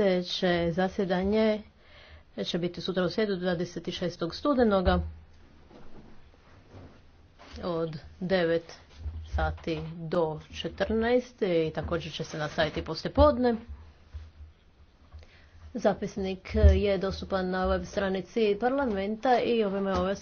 Sljedeće zasjedanje će biti sutra u sredu 26. studenoga od 9 sati do 14. i također će se nastaviti poslje podne. Zapisnik je dostupan na web stranici parlamenta i ovime ove